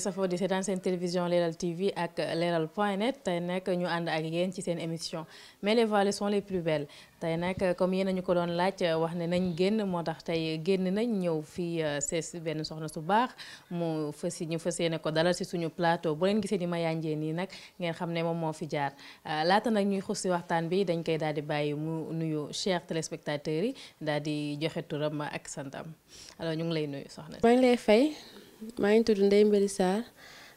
yi safoo di seetaan seen télévision Leral TV ak Leral point net tey nag ñu ànd ak yéen ci seen émission mais les voilées sont les plus belles tey nag comme yéen ñu ko doon laaj wax ne nañ génn moo tax tey génn nañ ñëw fii euh, sees benn soxna su baax mu fas ñu fas yéene ko dalal si suñu plateau bu leen gisee ni ma yànjee nii nag ngeen xam ne moom moo fi jaar euh, laata nag ñuy xus si waxtaan bi dañ koy daal di bàyyi mu nuyu chers téléspectateurs yi daal di joxe turam ak santam maa ngi tudd ndey Mbary Sarr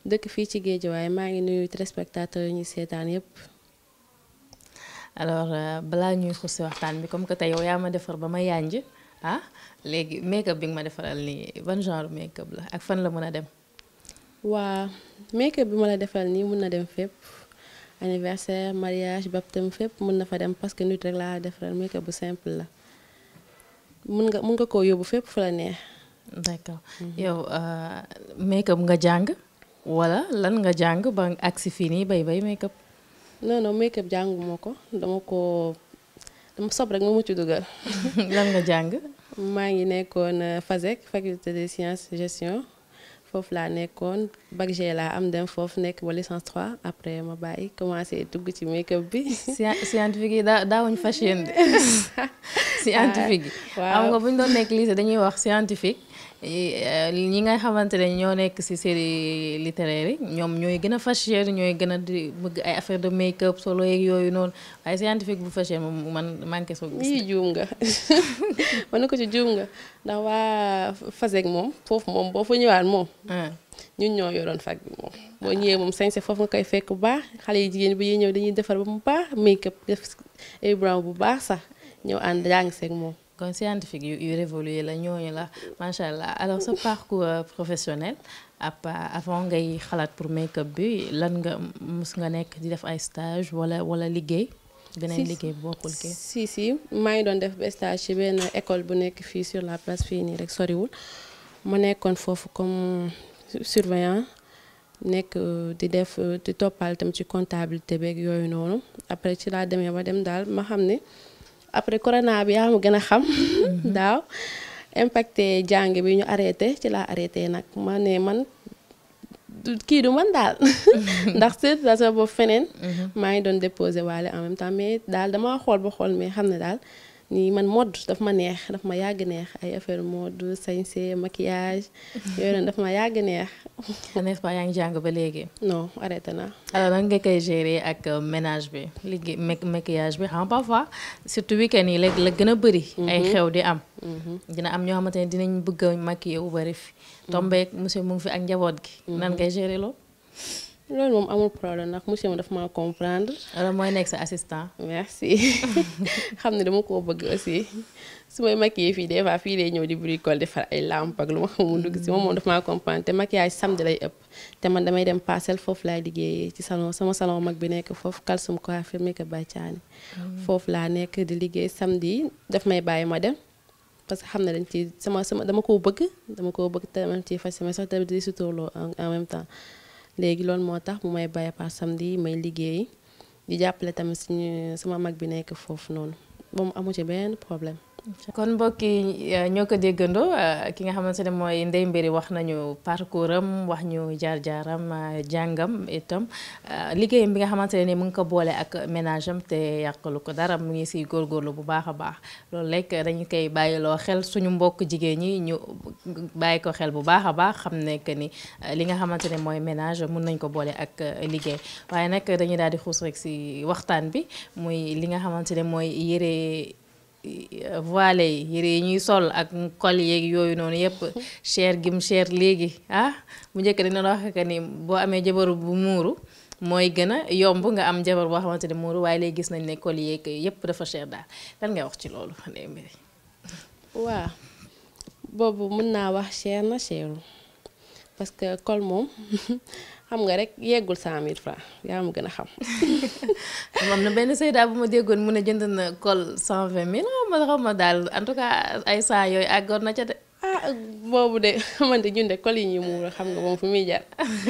dëkk fii ci géej waaye maa ngi nuyu téléspectateurs yi ñuy seetaan yépp alors euh, balaa ñuy xos si waxtaan bi comme que te yow yaa ma defar ba ma yànj ah léegi make bi nga ma defaral nii ban genre make la ak fan la mën a dem. waa bi ma la nii mun na dem fépp anniversaire mariage baptême fépp mun na fa dem parce que nit rek laa defaral make bu simple la mun nga mun nga koo yóbbu fépp fu la neex. d'accord yow euh, make-up nga jàng wala lan nga jàng ba agsi fii nii bay bay make-up non non jàngu moo ko dama ko sob rek ma mucc dugal lan nga jàng maa ngi nekkoon euh, FASEC faculté des sciences gestion foofu laa nekkoon bac laa am dem foofu nekk ba licence 3 après ma bàyyi commencé dugg ci make bi. scientifique yi daa daawuñu fas yéene de. scientifique yi. waaw nga bu ñu doon nekk lycée dañuy wax scientifique. Eh, eh, ñi nga xamante ne ñoo nekk ci série littéraire yi ñoom ñooy gën a fashion ñooy gën a di bëgg ay affaire de make-up solo yeeg yooyu noonu waaye scientifique bu fashion moom man manqué soo gis. yii nga mën ko ci juum nga ndax waa Fasek moom foofu moom boo fa ñëwaat moom. Ah. ñun ñoo yoroon fag bi moom boo ñëwee moom sañse foofu nga koy fekk bu baax xale yi jigéen bi ñuy ñëw dañuy defar ba mu baax make-up def ay bu baax sax ñëw ànd jàng seeg moom. kon scientifique yu yu révolué la ñooñu la macha allah alors sa parcours euh, professionnel ab avant ngay xalaat pour make-up bi lan nga mus nga nekk di def ay stage wala wala liggéey. beneen liggéey bokkul kii si si maa ngi doon def stage ci benn école bu nekk fii sur la place fii nii rek soriwul mu nekkoon foofu comme surveillant nekk euh, di def euh, di toppal tam ci comptabilité beeg yooyu noonu après ci laa demee ba dem daal ma xam ne. après corona bi yaa ma gën a xam. Mhm. daaw impacté jàng bi ñu arrêté ci laa arrêté nag ma ne man kii du man daal. Mhm. ndax seet la sa bopp feneen. Mhm. maa ngi doon déposé waale en même temps mais daal dama xool ba xool mais xam ne daal. nii man mode daf ma neex daf ma yàgg neex ay affaire mode sañse maquillage yooyu noonu daf ma yàgg neex. n'est-ce pas yaa ngi jàng ba léegi. no arrêté na. alors nan nga koy gérer ak euh, ménage bi liggéey maquillage bi xam parfois surtout week yi la gën a bëri. Mhm. ay xew di am. Mhm. dina am ñoo xamante ne dinañ bëgg a maquiller wu bari fi. Mhm. tombeek monsieur mu ngi fi ak njaboot gi. nan ngay gérer loolu. loolu moom amul problème ndax monsieur ma dafa ma comprendre. alors mooy nekk sa assistant. merci xam ne dama koo bëgg aussi su may maquillé fii des fois fii lay ñëw di bricole defar ay lampe ak lu ma xamul dugg si moom moom dafa ma comprendre te maquillage samedi lay ëpp te man damay dem parcelle foofu laay liggéeyee ci salon sama salon mag bi nekk foofu kalsum ko affaire mi ko bàccaani foofu laa nekk di liggéey samedi daf may bàyyi ma dem. parce que xam ne dañ ci sama sama dama koo bëgg dama koo bëgg te dama ciy fas sama sax tamit di suturloo en même temps. léegi loolu moo tax mu may bàyyi par samedi may liggéey di jàppale tamit suñu sama mag bi nekk foofu noonu ba mu amu ci benn problème. kon mbokk yi euh, ñoo ko déggandoo euh, ki nga xamante ne mooy ndey Mbéri wax nañu parcours am wax ñu jaar-jaaram euh, jàngam itam liggéeyam bi nga xamante ne mu ngi ko boole ak ménage am te yàqalu ko dara mu ngi si góorgóorlu bu a baax loolu lekk dañu koy bàyyiloo xel suñu mbokk jigéen ñi ñu bàyyi ko xel bu baax a baax xam ne que ni li nga xamante ne mooy ménage mun nañ ko boole ak liggéey waaye nag dañuy daal di xuus si waxtaan bi muy li nga xamante ne mooy yére voilé yi yére yi ñuy sol ak col yeeg yooyu noonu yëpp cher gim cher léegi ah bu njëkk dina wax que ni boo amee jabaru bu muuru mooy gën a yomb nga am jabar boo xamante ne muuru waaye léegi gis nañ ne col yeeg yëpp dafa cher daal lan ngay wax ci loolu Ndeye Mbary. waaw boobu mën naa wax cher na cherul parce que moom xam nga rek yeggul 100000 francs yaa ma gën a xam. am na benn sayda bu ma déggoon mu ne jënd na kol 120000 ma xaw ma en tout cas ay saa yooyu àggoon na ca de. ah boobu de xamante yi ñuy muur xam nga moom fu muy jar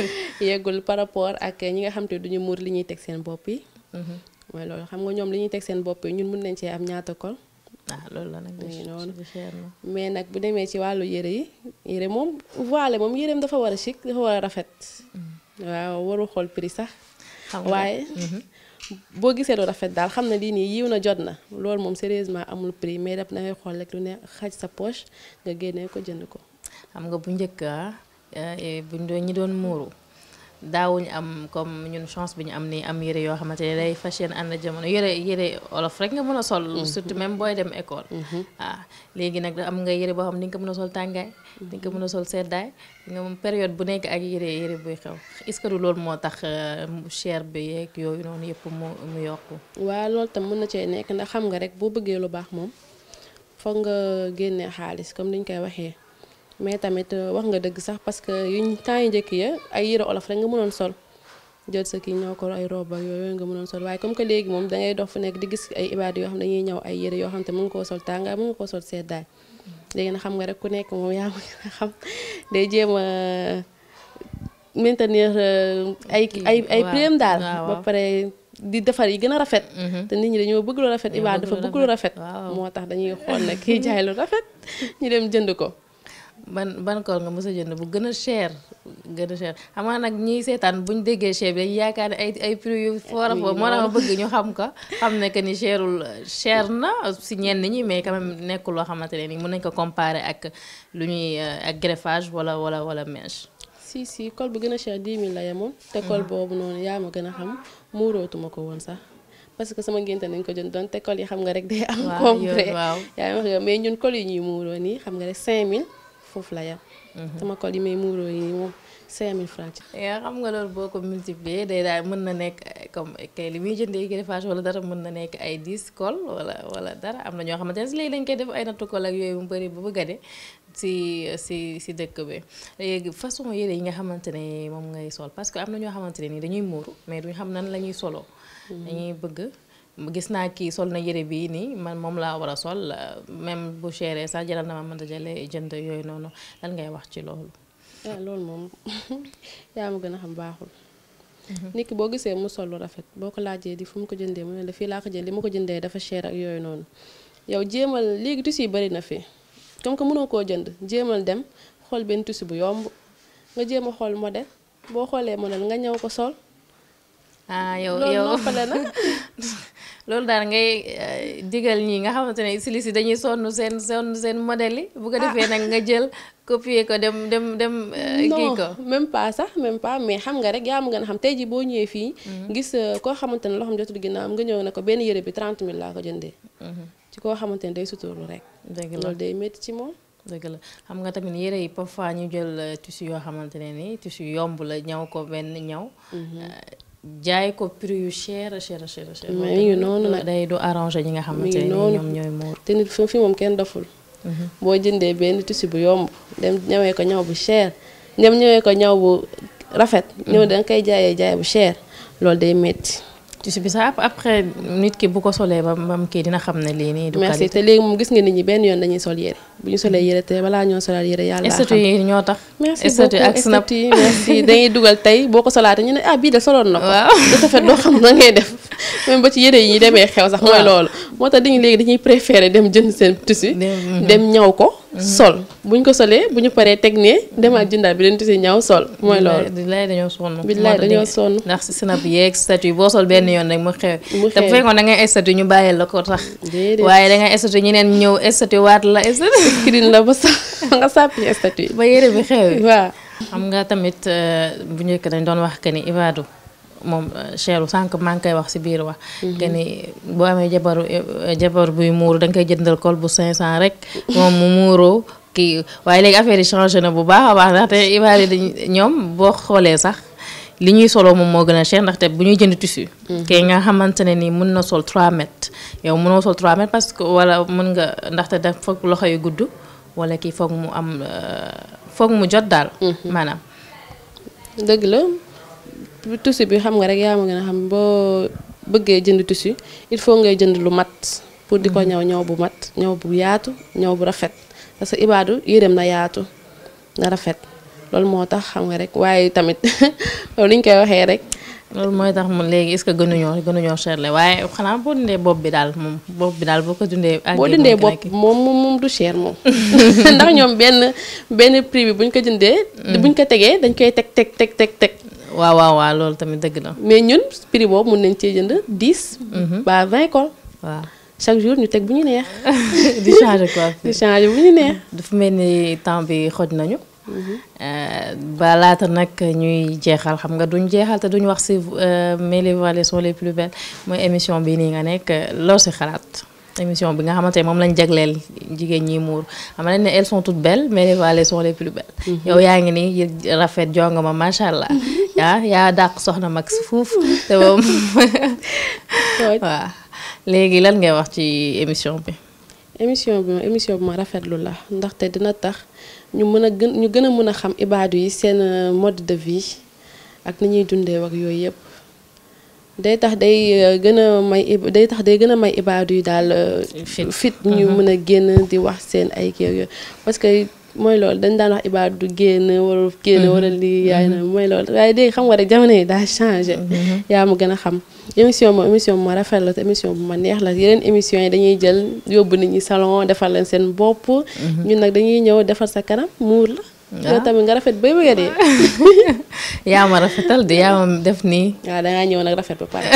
yeggul par rapport ak ñi nga xam te duñu muur li ñuy teg seen bopp yi. Mhm. mooy loolu xam nga ñoom li ñuy teg seen bopp ñun mun nañ cee am ñaata kol. ah la nag noonu mais nag bu demee ci wàllu yére yi yére moom voilé moom yéreem dafa war a chic dafa war a rafet. Mhm. waaw waru xool prix sax. waaye. Mhm. boo gisee lu rafet daal xam na lii nii yiw na jot na loolu moom sérieusement amul prix mais daf dangay xool rek lu ne xaj sa poche nga génnee ko jënd ko. xam nga bu njëkk ah eh, eh, bu ñi doon muuru. daawuñu am comme ñun chance bi ñu am nii am yére yoo xamante ne day fas yéene ànd jamono yére yére olof rek nga mën a sol. Mm-hmm. surtout même booy dem école. Mm-hmm. ah léegi nag am nga yére boo xam ni nga ko mën a sol tàngaay. Mm-hmm. di nga ko mën a sol seddaay nga période bu nekk ak yére yére buy xew est-ce que du loolu moo tax euh, cher bi yeeg yooyu noonu yëpp mu mu yokku. waaw loolu tam mën na cee nekk ndax xam nga rek boo bëggee lu baax moom foog nga génnee xaalis comme niñ koy waxee. mais tamit euh, wax nga dëgg sax parce que yuñ temps yi njëkk ya ay olof rek nga mënoon sol jël sa kii ñoo ko yooyu nga mënoon sol waaye comme que léegi moom da ngay dox fu nekk di yoo xam ne dañuy ñëw ay yére yoo xam te mën nga koo sol tàngaay mën nga koo sol seddaay léegi na xam nga rek ku nekk moom yaa ma day jéem a euh, maintenir euh, ay ay ay prime daal ba di defar yi gën a rafet mm-hmm. te nit ñi dañoo bëgg lu rafet ibaad dafa bëgg lu rafet moo tax dañuy xool nag kii jaay lu rafet ñu dem jënd ko ban ban koor nga mos a jënd bu gën a cher gën cher xam nga nag ñi seetaan buñ déggee cher bi yaakaar ne ay ay yu fort a fort moo tax ma bëgg ñu xam ko xam ne que ni cherul cher na si ñenn ñi mais quand même loo xamante ne ni mën nañ ko comparer ak lu ñuy euh, ak greffage wala wala wala mèche. si si col bu gën a cher 10 000 la yemoon. te col mm. boobu noonu yaa ma gën a xam muurootuma ko woon sax. parce que sama ngénte nañ ko jënd doon te col yi xam nga rek day am. waaw compré yaa ngi wax mais ñun col yi ñuy muuroo nii xam nga rek 5000. foofu la yem. Mhm. sama col yi may muuroo yi moom 5000 francs. yaa xam nga loolu boo ko multiplier day daal mën na nekk eh, comme eh, kay li muy ay 10 col wala dara am na ñoo xamante si léegi dañ koy def ay nattu col ak yooyu mu bëri bu bëgg a de si si dëkk bi léegi façon yére yi nga xamante ne moom ngay sol parce que am na ñoo xamante ne nii dañuy muuru mais duñ xam nan la soloo. Mm-hmm. dañuy bëgg. gis naa kii sol na yére bii nii man moom laa war a sol même bu chéré sax jaral na ma mën a jëlee jënd yooyu noonu lan ngay wax ci loolu. Ah, loolu moom yaa ma gën a xam baaxul. Mhm. nit ki boo gisee mu sol lu rafet boo ko laajee di fu mu ko jëndee mu ne la fii laa ko jënd li ko jëndee dafa cher ak yooyu noonu. yow jéemal léegi tissu bari na fi comme mënoo koo jënd jéemal dem xool benn tissu bu yomb nga jéem a xool modèle boo xoolee modèle nga ñëw ko sol. ah yow yow na. loolu daal ngay eh, digal ñi nga xamante ne styliste yi dañuy sonn seen sonn seen modèle yi. bu ko ah. defee nag nga jël copier ko dem dem dem. Eh, kii ko non pas sax même pas mais xam nga rek yaa ma gën a xam tey jii boo ñëwee fii. Mhm. gis eh, koo xamante ne loxoom jotul ginnaaw nga ñëw ne ko benn yére bi 30 000 laa ko jëndee. Mhm. ci koo xamante ne day suturlu rek. dëgg la loolu day métti ci moom. dëgg la xam nga tamit yére yi parfois ñu jël tissu yoo xamante ne ni tissu yomb la ñaw ko benn ñaw. Mhm. jaay ko prix yu cher cher cher cher. mais yu noonu nag day du arrangé ñi nga xamante ne ñoom ñooy muur. te nit fi moom kenn doful. Mhm. boo jëndee benn tissu bu yomb dem ñëwee ko ñaw bu cher dem ñëwee ko ñaw bu rafet. Mhm. ñëw da nga koy jaayee jaay bu cher loolu day metti tissu bisaab après nit ki bu ko solee ba mu kii dina xam ne lii nii. du gis nga nit ñi benn yoon dañuy sol yére bu ñu solee yére te ñoo solal yére yàlla. esthétique yi ñoo tax. merci beaucoup ak dugal tey boo ko solaatee ñu ne ah bii de soloon na ko. waaw doo xam na ngay def même ba ci yére yi ñuy demee xew sax. mooy loolu moo tax dañuy léegi dañuy préférer dem jënd seen tissu. dem ñaw ko. sol buñ ko solee bu ñu paree teg ne demaat jëndaat bi leen tuuti ñaw sol. mooy loolu billaay dañoo sonn. billaay dañoo sonn ndax si snap yeeg statut boo sol benn yoon rek mu xew. mu xew te bu fekkoon ñu bàyyil la ko tax. déedéet waaye da ngay statut ñeneen ñëw statut waat la statut. screen la ba sax nga sàppi statut. ba yére bi xew. waaw xam nga tamit euh, bu njëkk dañ doon wax que ni moom eh, cheru sànq maa ngi koy wax si biir wax mhm. que ni boo amee jabar eh, jabar buy muur da koy jëndal col bu 500 rek moom mu muuroo kii waaye léegi affaire yi changé na bu baax a baax ndaxte ibaar yi ñoom boo xoolee sax li ñuy solo moom moo gën a cher ndaxte bu ñuy jënd tissu. Mhm. kay nga xamante ne nii mun na sol 3 mètres yow mënoo sol 3 mètres parce que wala mun nga ndaxte daf foog loxo yi gudd wala kii foog mu am eh, foog mu jot daal mhm. maanaam tissu bi xam nga rek yaa ma gën a xam boo bëggee jënd tussi il faut ngay jënd lu mat pour di ko mhm. ñaw ñaw bu mat ñëw bu yaatu ñëw bu rafet parce que ibaadu yéreem na yaatu na rafet loolu moo tax xam nga rek waaye tamit loolu ni koy waxee rek. loolu mooy tax mu léegi est-ce que gënuñoo gënuñoo cherle waaye xanaa boo dundee bopp bi daal moom bopp bi daal boo ko dundee. boo dundee bopp moom moom moom du cher moom ndax ñoom benn benn prix bi buñ ko jëndee. Mm. buñ ko tegee dañ koy teg teg teg teg teg. waaw waaw waaw loolu tamit dëgg na mais ñun prix boobu mun nañ cee jënd diis mhm. ba 20 col. waaw chaque jour ñu teg bu ñu neex. di changer quoi. di changer bu ñu neex. dafa mel ni temps bi xoj nañu. Mhm. Euh, ba nag ñuy jeexal xam nga duñ jeexal te duñ wax si euh, mais les vallées sont les plus belles mooy émission bii nii nga nekk loo si xalaat. émission bi nga xamante ne moom lañ jagleel jigéen ñi muur xam nañ ne elles sont mais les voilées sont les plus belles. Mhm. yow yaa ngi nii rafet jonga ma macha allah. Mhm. Ah, yaa dàq soxna mag si fuuf te moom waaw léegi lan ngay wax ci émission bi. émission bi émission bi ma rafetlu la ndaxte dina tax ñu mën a gën ñu gën a mën a xam ibaadu yi seen mode de vie ak ni ñuy dundee ak yooyu yëpp. day tax day euh, gën a may day tax day gën a may ibaadu yi daal. Euh, fit ñu mhm. mën a génn di wax seen ay kii yooyu parce que mooy loolu dañ daan wax du génn warul génn mhm. wala lii yaay na mhm. mooy loolu waaye dégg xam nga de jamono yi daa changé. yaa ma gën a xam émission moom émission bu ma rafet la émission bu ma neex la yeneen émission yi dañuy jël yóbbu nit ñi salon defar leen seen bopp. ñun nag dañuy ñëw defar sa kanam muur la. yow tamit nga rafet bay wéeree. yaa ma rafetal de yaa ma def nii. waaw da ñëw nag rafet ba pare.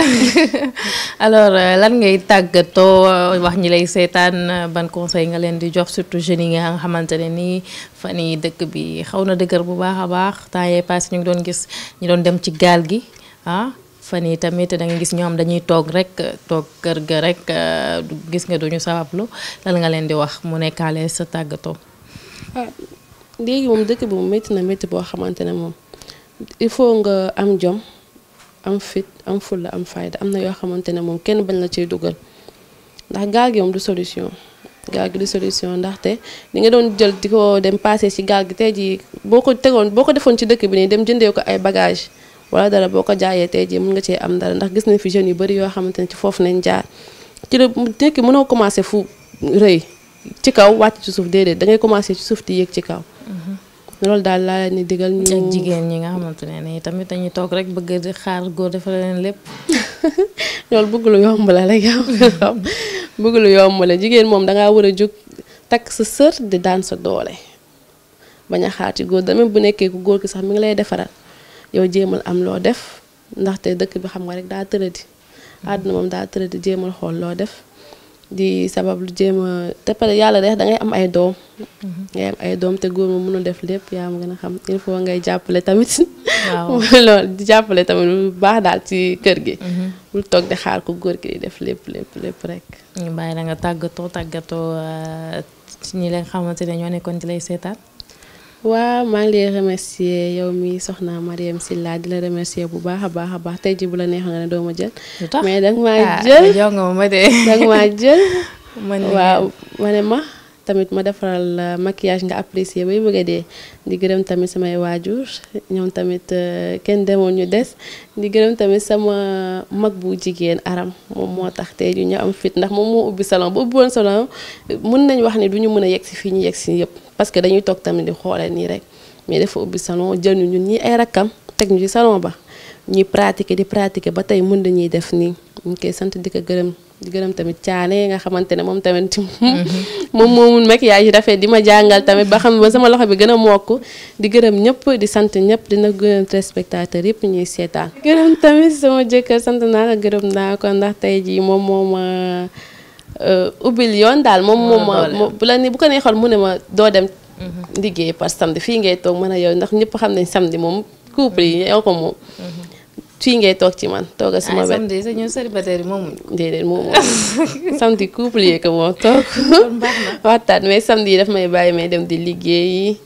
alors euh, lan ngay tàggatoo euh, wax ñi lay seetaan euh, ban conseil nga leen di jox surtout jeunes yi nga xamante ne nii fan yii dëkk bi xaw na dëgër bu baax a baax temps yee passé ñu ngi doon gis ñu doon dem ci gaal gi ah. fan yi tamit da nga gis ñoom dañuy toog rek toog kër ga rek gis nga duñu sabablu lan nga leen di wax mu nekkaale sa tàggatoo. Ah, léegi moom dëkk bi moom métti na métti boo xamante ne moom il faut nga am jom am fit am fulla am fayda am na yoo xamante ne moom kenn bañ la ciy dugal ndax gaal gi moom du solution gaal gi du solution ndaxte li nga doon jël di ko dem passé ci gaal gi tey jii boo ko tegoon boo ko defoon ci dëkk bi nii dem jëndee ko ay bagage wala dara boo ko jaayee tey jii mun nga cee am dara ndax gis nañ fi jeunes yu bari yoo xamante ne ci foofu nañ jaar ci la nekk mënoo commencé fu rëy ci kaw wàcc ci suuf déedéet da ngay commencé ci suuf di ci kaw loolu daal laa ni digal ñu. jigéen ñi nga xamante ne nii tamit dañuy toog rek bëgg di xaar góor defal leen lépp. loolu bëgg lu yomb la rek bëgg lu yomb la jigéen moom da war a jóg takk sa sër di daan sa doole. bañ a xaar góor tamit bu nekkee ku góor ki sax mi ngi lay defaral yow jéemal am loo def ndaxte dëkk bi xam nga rek daa tëradi àdduna moom daa tëradi jéemal xool loo def. di sabab lu jéem a te pare yàlla dex dangay am ay doom. Mhm. ngay am ay doom te góor ma mënul def lépp yaa ma gën a xam il faut ngay jàppale tamit. waaw loolu di jàppale tamit lu baax daal ci kër gi. Mhm. bul toog di xaar ko góor gi di def lépp lépp lépp rek. ñu bàyyi la nga tàggatoo tàggatoo euh, ci ñi leen xamante ne ñoo nekkoon ci lay seetaan. waa maa ngi lay remercier yow mii soxna Mariam Silla di la remercier bu baax a baax a baax tey ji bu la neexoon nga ne doo ma jël. mais danga ah, ma de. danga maa jël. waa waaw ma ne ma tamit ma defaral maquillage nga apprécier bay bëgg a dee di gërëm tamit samay waajur ñoom tamit euh, kenn demoon ñu des di gërëm tamit sama mag bu jigéen aram moom moo tax tey ñu am fit ndax moom moo ubbi salon bu ubbi woon salon mën nañ wax ni du ñu mën a yegg si fii ñu yegg si yëpp. parce que dañuy toog tamit di xoole nii rek mais dafa ubbi salon jël ñu ñun ñii ay rakkam teg ñu ci salon ba ñuy pratiquer di pratiquer ba tey mun dañuy def nii ñu koy sant di ko gërëm gërëm tamit caane nga xamante ne moom tamit mhm. moom moo mun maquillage yi rafet di ma jàngal tamit ba xam ba sama loxo bi gën a mokk di gërëm ñëpp di sant ñëpp dina gërëm téléspectateur yëpp ñuy seetaan. gërëm tamit jëkkër sant naa la gërëm naa ko ndax tey jii moom moo ma Euh, ubbil yoon daal moom moom ma bu la ni bu ko neexoon mu ne ma doo dem mhm. liggéey par samedi fii ngay toog mën a yow ndax ñëpp xam nañ samedi moom couple yi mhm. yow ko moom mhm. fii ngay toog ci man toogal sama ah, wet samedi sa yi moomuñ déedéet moomu couple yee ko moom toog waxtaan mais samedi yi daf may bàyyi may dem di liggéey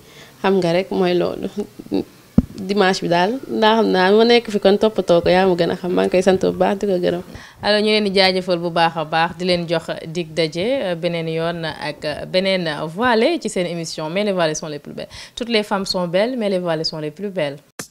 xam nga rek mooy loolu dimanche bi daal ndaa xam naa ma nekk fi kon toppatoo ko yaa ma gën a xam maa ngi koy sant bu baax di ko gërëm. alors ñu leen di jaajëfal bu baax a baax di leen jox dig daje euh, beneen yoon ak euh, beneen voilée ci seen émission mais les voilées sont les plus belles toutes les femmes sont belles mais les voilées sont les plus belles.